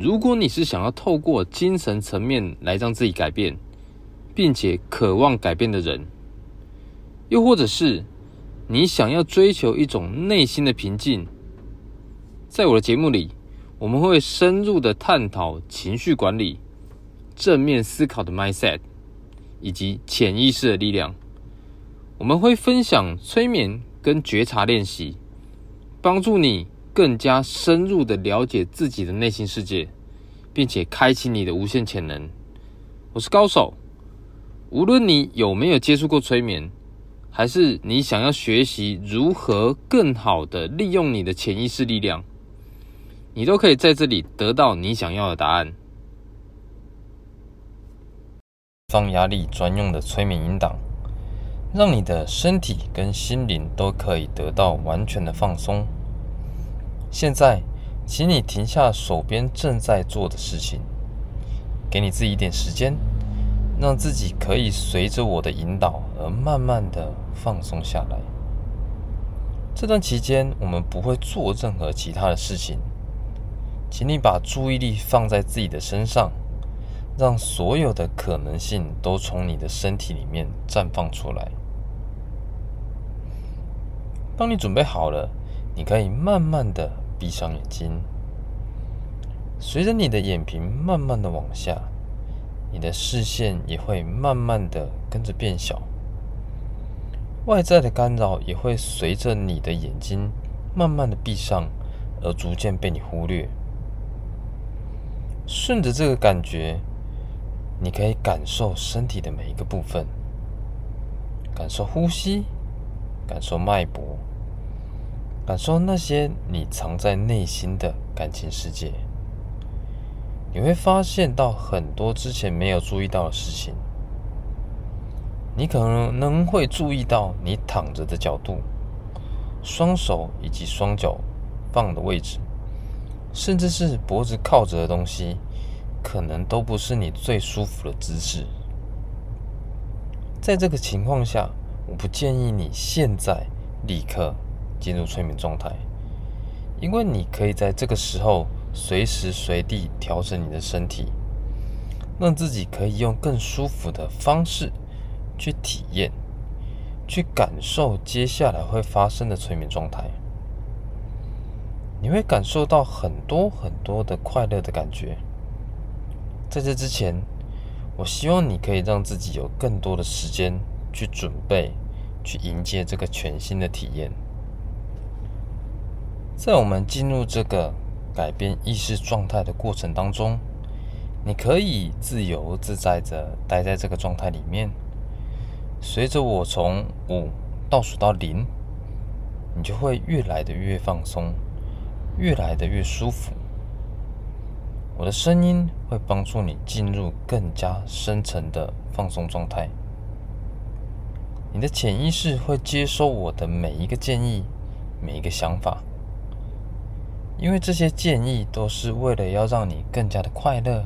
如果你是想要透過精神層面來讓自己改變，並且渴望改變的人，又或者是你想要追求一種內心的平靜，在我的節目裡，我們會深入的探討情緒管理、正面思考的 mindset 以及潛意識的力量。我們會分享催眠跟覺察練習，幫助你。更加深入地了解自己的內心世界，並且開啟你的無限潛能。我是高手，無論你有沒有接觸過催眠，還是你想要學習如何更好地利用你的潛意識力量，你都可以在這裡得到你想要的答案。放壓力專用的催眠引導，讓你的身體跟心靈都可以得到完全的放鬆。現在，請你停下手邊正在做的事情，給你自己一點時間，讓自己可以隨着我的引導而慢慢的放鬆下來。這段期間，我們不會做任何其他的事情，請你把注意力放在自己的身上，讓所有的可能性都從你的身體裡面綻放出來。當你準備好了，你可以慢慢的。閉上眼睛，隨着你的眼皮慢慢的往下，你的視線也會慢慢的跟着變小，外在的干擾也會隨着你的眼睛慢慢的閉上而逐漸被你忽略。順着這個感覺，你可以感受身體的每一個部分，感受呼吸，感受脈搏。感受那些你藏在內心的感情世界，你會發現到很多之前沒有注意到的事情。你可能能會注意到你躺着的角度、雙手以及雙腳放的位置，甚至是脖子靠着的東西，可能都不是你最舒服的姿勢。在這個情況下，我不建議你現在立刻，進入催眠狀態，因為你可以在這個時候隨時隨地調整你的身體，讓自己可以用更舒服的方式去體驗、去感受接下來會發生的催眠狀態。你會感受到很多很多的快樂的感覺。在這之前，我希望你可以讓自己有更多的時間去準備，去迎接這個全新的體驗。在我們進入這個改變意識狀態的過程當中，你可以自由自在的待在這個狀態裡面。隨着我從五倒數到零，你就會越來的越放鬆，越來的越舒服。我的聲音會幫助你進入更加深層的放鬆狀態。你的潛意識會接受我的每一個建議，每一個想法。因為這些建議都是為了要讓你更加的快樂，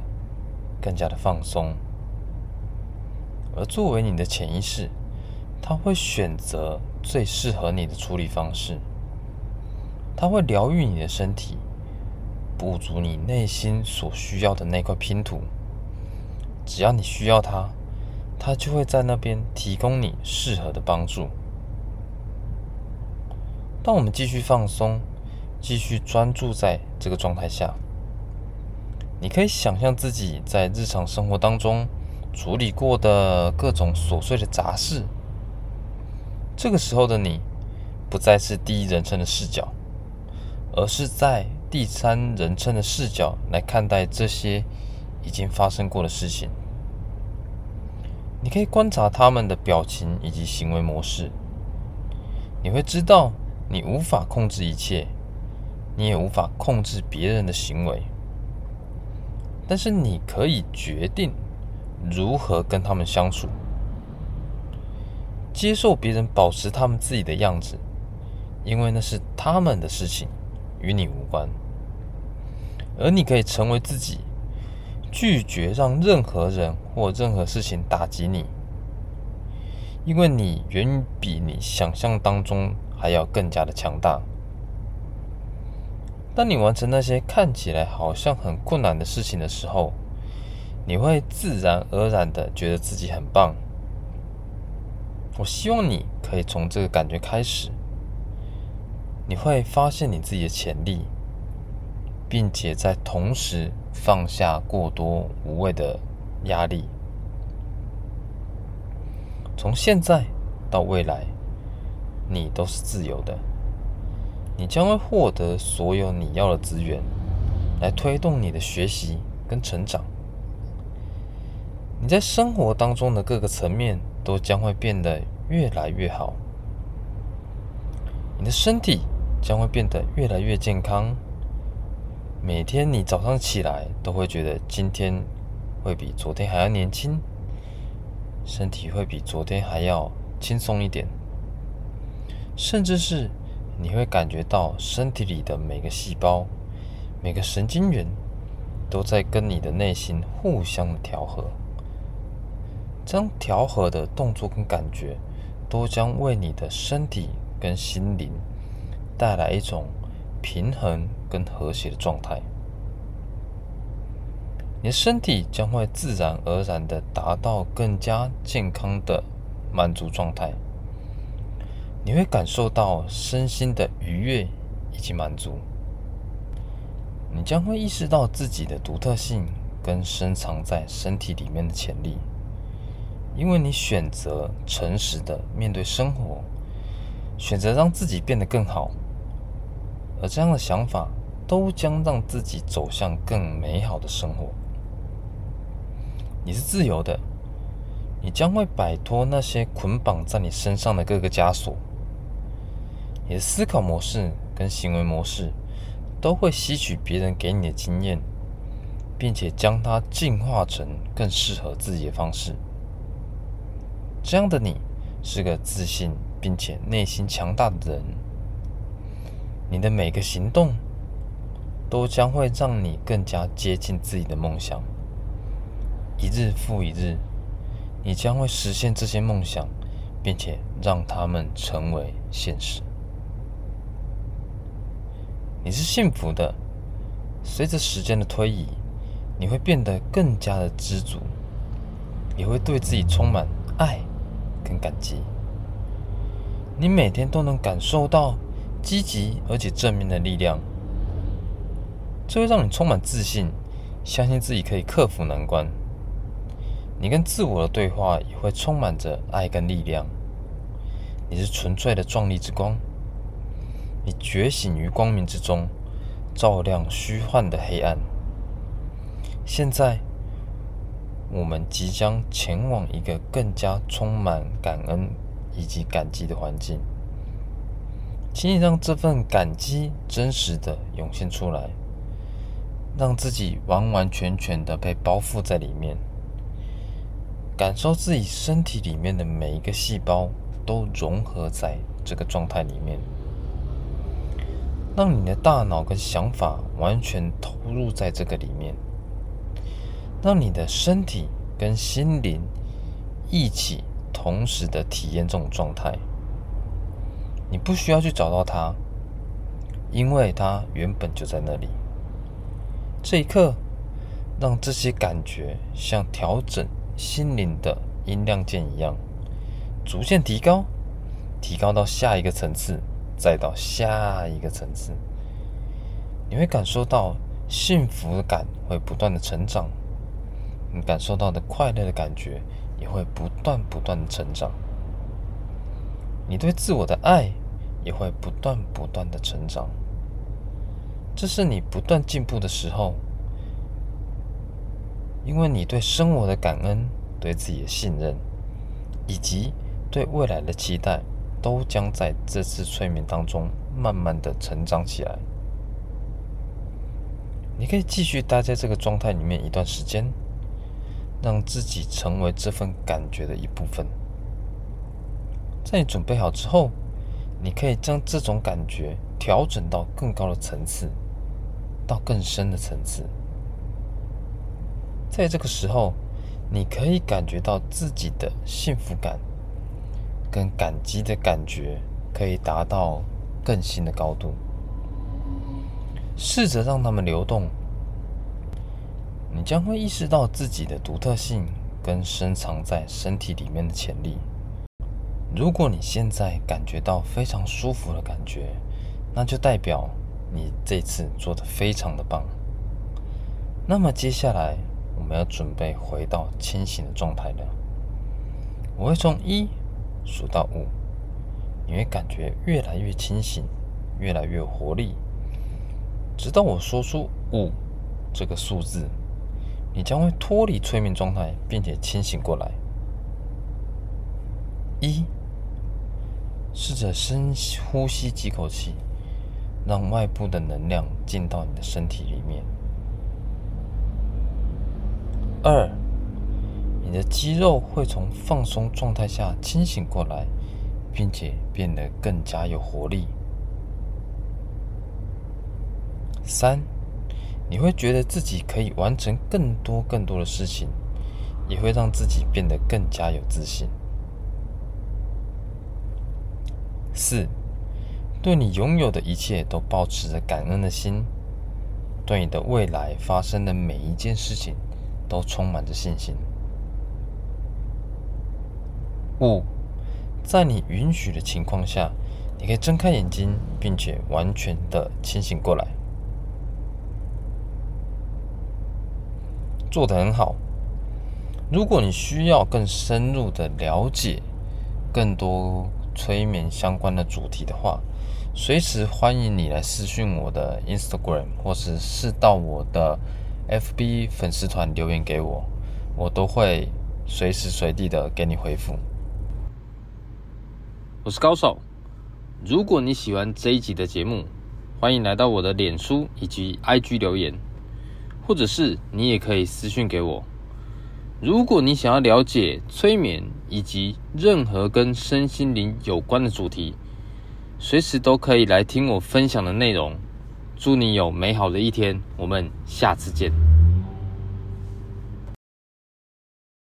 更加的放鬆。而作為你的潛意識，他會選擇最適合你的處理方式。他會療癒你的身體，補足你內心所需要的那塊拼圖。只要你需要他，他就會在那邊提供你適合的幫助。當我們繼續放鬆。繼續專注在這個狀態下，你可以想象自己在日常生活當中處理過的各種瑣碎的雜事。這個時候的你，不再是第一人稱的視角，而是在第三人稱的視角來看待這些已經發生過的事情。你可以觀察他們的表情以及行為模式，你會知道你無法控制一切。你也無法控制別人的行為，但是你可以決定如何跟他們相處，接受別人保持他們自己的樣子，因為那是他們的事情，與你無關。而你可以成為自己，拒絕讓任何人或任何事情打擊你，因為你遠比你想象當中還要更加的強大。當你完成那些看起來好像很困難的事情的時候，你會自然而然的覺得自己很棒。我希望你可以從這個感覺開始，你會發現你自己的潛力，並且在同時放下過多無謂的壓力。從現在到未來，你都是自由的。你將會獲得所有你要的資源，來推動你的學習跟成長。你在生活當中的各個層面都將會變得越來越好。你的身體將會變得越來越健康。每天你早上起來都會覺得今天會比昨天還要年輕，身體會比昨天還要輕鬆一點，甚至是。你會感覺到身體裡的每個細胞、每個神經元都在跟你的內心互相調和，將調和的動作跟感覺，都將為你的身體跟心靈帶來一種平衡跟和諧的狀態。你的身體將會自然而然的達到更加健康的滿足狀態。你會感受到身心的愉悅以及滿足，你將會意識到自己的獨特性跟深藏在身體裡面的潛力，因為你選擇誠實的面對生活，選擇讓自己變得更好，而這樣的想法都將讓自己走向更美好的生活。你是自由的，你將會擺脫那些捆綁在你身上的各個枷鎖。你的思考模式跟行為模式都會吸取別人給你的經驗，並且將它進化成更適合自己的方式。這樣的你是個自信並且內心強大的人。你的每個行動都將會讓你更加接近自己的夢想。一日復一日，你將會實現這些夢想，並且讓它們成為現實。你是幸福的，隨着時間的推移，你會變得更加的知足，也會對自己充滿愛跟感激。你每天都能感受到積極而且正面的力量，這會讓你充滿自信，相信自己可以克服難關。你跟自我的對話也會充滿着愛跟力量。你是純粹的壯麗之光。你覺醒於光明之中，照亮虛幻的黑暗。現在，我們即將前往一個更加充滿感恩以及感激的環境，請你讓這份感激真實的湧現出來，讓自己完完全全的被包覆在裡面，感受自己身體裡面的每一個細胞都融合在這個狀態裡面。讓你的大腦跟想法完全投入在這個裡面，讓你的身體跟心靈一起同時的體驗這種狀態。你不需要去找到它，因為它原本就在那裡。這一刻，讓這些感覺像調整心靈的音量鍵一樣，逐漸提高，提高到下一個層次。再到下一個層次，你會感受到幸福感會不斷的成長，你感受到的快樂的感覺也會不斷不斷的成長，你對自我的愛也會不斷不斷的成長。這是你不斷進步的時候，因為你對生活的感恩，對自己的信任，以及對未來的期待，都將在這次催眠當中慢慢的成長起來。你可以繼續待在這個狀態裡面一段時間，讓自己成為這份感覺的一部分。在你準備好之後，你可以將這種感覺調整到更高的層次，到更深的層次。在這個時候，你可以感覺到自己的幸福感。跟感激的感覺可以達到更新的高度。試着讓它們流動，你將會意識到自己的獨特性跟深藏在身體裡面的潛力。如果你現在感覺到非常舒服的感覺，那就代表你這次做得非常的棒。那麼接下來我們要準備回到清醒的狀態了。我會從一。數到五，你會感覺越來越清醒，越來越有活力。直到我說出“五”這個數字，你將會脫離催眠狀態，並且清醒過來。一，試着深呼吸幾口氣，讓外部的能量進到你的身體裡面。二。你的肌肉會從放鬆狀態下清醒過來，並且變得更加有活力。三，你會覺得自己可以完成更多更多的事情，也會讓自己變得更加有自信。四，對你擁有的一切都保持着感恩的心，對你的未來發生的每一件事情都充滿着信心。五，在你允許的情況下，你可以睜開眼睛，並且完全的清醒過來，做得很好。如果你需要更深入的了解，更多催眠相關的主題的話，隨時歡迎你來私訊我的 Instagram，或是是到我的 FB 粉絲團留言給我，我都會隨時隨地的給你回復。我是高手。如果你喜歡這一集的節目，歡迎來到我的臉書以及 IG 留言，或者是你也可以私訊給我。如果你想要了解催眠以及任何跟身心靈有關的主題，隨時都可以來聽我分享的內容。祝你有美好的一天，我們下次見。